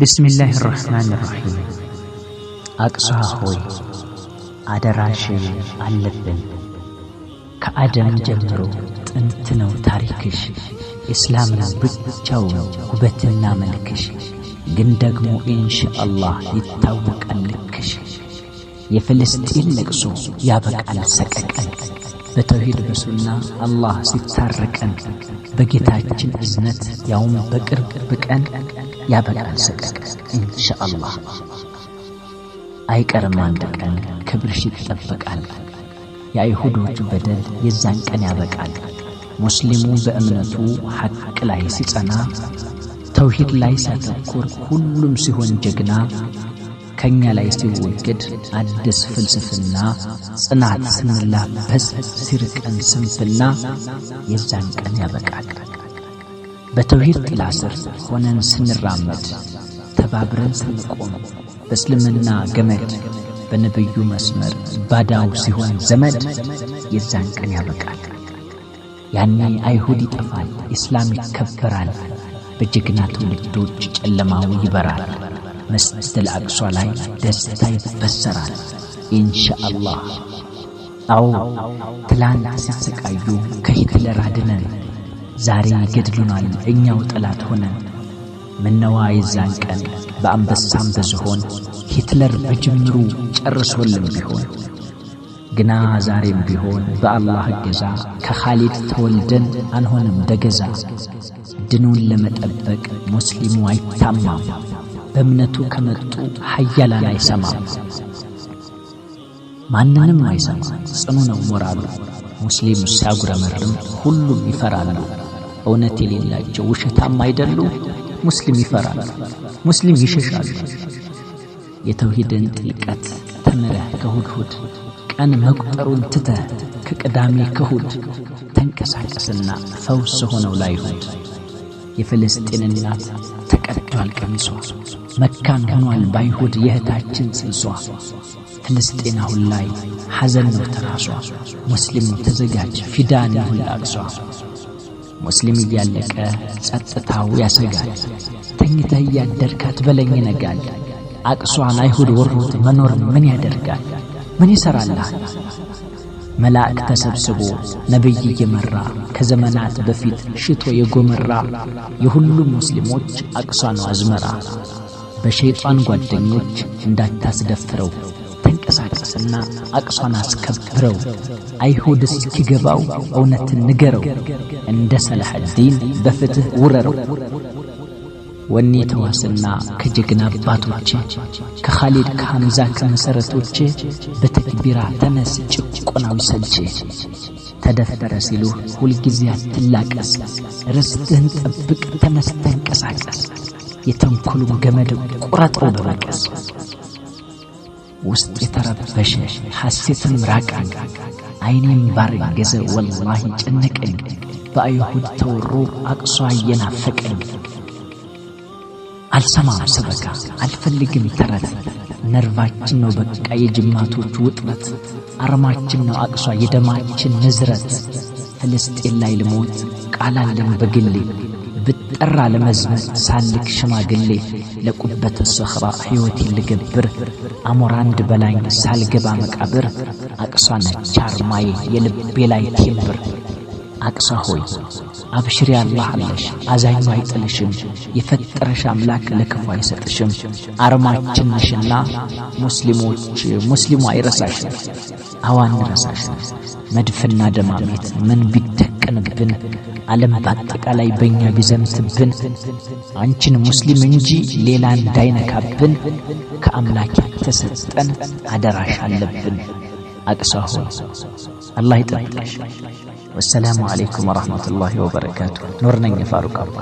ቢስሚላህ ራሕማን ራሒም አቅሷ ሆይ አደራሽን አለብን። ከአደም ጀምሮ ጥንት ነው ታሪክሽ። እስላም ነው ብቻው ውበትና መልክሽ። ግን ደግሞ ኢንሻአላህ ይታወቃል ልክሽ። የፍልስጢን ለቅሶ ያበቃል ሰቀቀን በተውሂድ በሱና አላህ ሲታረቀን በጌታችን እዝነት ያውም በቅርብ ቀን ያበቃል ሰቀቅ ኢንሻአላህ አይቀርም። አንድ ቀን ክብርሽ ይጠበቃል። የአይሁዶቹ በደል የዛን ቀን ያበቃል። ሙስሊሙ በእምነቱ ሐቅ ላይ ሲጸና፣ ተውሂድ ላይ ሲያተኩር፣ ሁሉም ሲሆን ጀግና፣ ከእኛ ላይ ሲወግድ አዲስ ፍልስፍና፣ ጽናት ስንላበስ ሲርቀን ስንፍና፣ የዛን ቀን ያበቃል። በተውሂድ ጥላ ስር ሆነን ስንራመድ ተባብረን ስንቆም በእስልምና ገመድ በነብዩ መስመር ባዳው ሲሆን ዘመድ የዛን ቀን ያበቃል። ያኔ አይሁድ ይጠፋል፣ ኢስላም ይከበራል። በጀግና ትውልዶች ጨለማው ይበራል። መስጂደል አቅሷ ላይ ደስታ ይበሰራል። ኢንሻአላህ። አዎ ትላንት ሲያሰቃዩ ከሂትለር አድነን ዛሬ ይገድሉናል እኛው ጠላት ሆነን። ምነዋ የዛን ቀን በአንበሳም በዝሆን ሂትለር በጅምሩ ጨርሶልን ቢሆን። ግና ዛሬም ቢሆን በአላህ እገዛ ከኻሊድ ተወልደን አንሆንም ደገዛ። ድኑን ለመጠበቅ ሙስሊሙ አይታማም፣ በእምነቱ ከመጡ ሐያላን አይሰማም። ማንንም አይሰማ ጽኑ ነው ሞራሉ፣ ሙስሊሙ ሲያጉረመርም ሁሉም ይፈራሉ። እውነት የሌላቸው ውሸታም አይደሉ። ሙስሊም ይፈራል፣ ሙስሊም ይሸሻል። የተውሂድን ጥልቀት ተምረህ ከሁድ ቀን መቁጠሩን ትተህ ከቅዳሜ ከሁድ ተንቀሳቀስና ፈውስ ሆነው ላይሁድ የፍልስጤን እናት ተቀዷል ቀሚሷ መካን ሆኗል ባይሁድ የእህታችን ጽንሷ ፍልስጤን አሁን ላይ ሐዘን ነው ተራሷ ሙስሊሙ ተዘጋጅ ፊዳን ይሁን አቅሷ ሙስሊም እያለቀ ጸጥታው ያሰጋል። ተኝተህ እያደርክ አትበለኝ ይነጋል። አቅሷን አይሁድ ወሮት መኖር ምን ያደርጋል? ምን ይሠራልሃል? መልአክ ተሰብስቦ ነቢይ እየመራ ከዘመናት በፊት ሽቶ የጎመራ የሁሉም ሙስሊሞች አቅሷ ነው አዝመራ። በሸይጣን ጓደኞች እንዳታስደፍረው አንቀሳቀስና አቅሷን አስከብረው አይሁድ እስኪገባው እውነትን ንገረው፣ እንደ ሰላሐዲን በፍትህ ውረረው። ወኔ ተዋስና ከጀግና አባቶች ከኻሊድ ከሐምዛ ከመሠረቶቼ በተክቢራ ተነስ ጭቆናው ሰልቼ ተደፈረ ሲሉህ ሁልጊዜ አትላቀስ፣ ርስትህን ጠብቅ ተነስ ተንቀሳቀስ፣ የተንኮሉን ገመድ ቁረጠው በመቀስ ውስጥ የተረበሸ ሐሴትም ራቀኝ፣ ዐይኔም ባረገዘ ወላሂ ጨነቀኝ። በአይሁድ ተወሮ አቅሷ እየናፈቀኝ አልሰማም ስበካ አልፈልግም ተረት። ነርቫችን ነው በቃ የጅማቶች ውጥረት፣ አርማችን ነው አቅሷ የደማችን ንዝረት። ፍልስጤን ላይ ልሞት ቃላለን በግሌ ብጠራ ለመዝሙር ሳልክ ሽማግሌ ለቁበተ ሰኽራ ሕይወቴን ልገብር አሞራ በላኝ ሳልገባ መቃብር አቅሷ ነች አርማዬ የልቤ ላይ ቴምር አቅሷ ሆይ አብሽሪ አላህ አለሽ አዛኙ አይጥልሽም የፈጠረሽ አምላክ ለክፉ አይሰጥሽም። አርማችን ነሽና ሙስሊሞች ሙስሊሙ አይረሳሽም። አዋን ረሳሽ መድፍና ደማሜት ምን ቢደ ቢጠቀንብን ዓለም በአጠቃላይ በእኛ ቢዘምትብን አንቺን ሙስሊም እንጂ ሌላ እንዳይነካብን ከአምላክ የተሰጠን አደራሽ አለብን። አቅሷሁን አላህ ይጠብቅሽ። ወሰላሙ አለይኩም ወራህመቱላሂ ወበረካቱ። ኑር ፋሩቅ አባ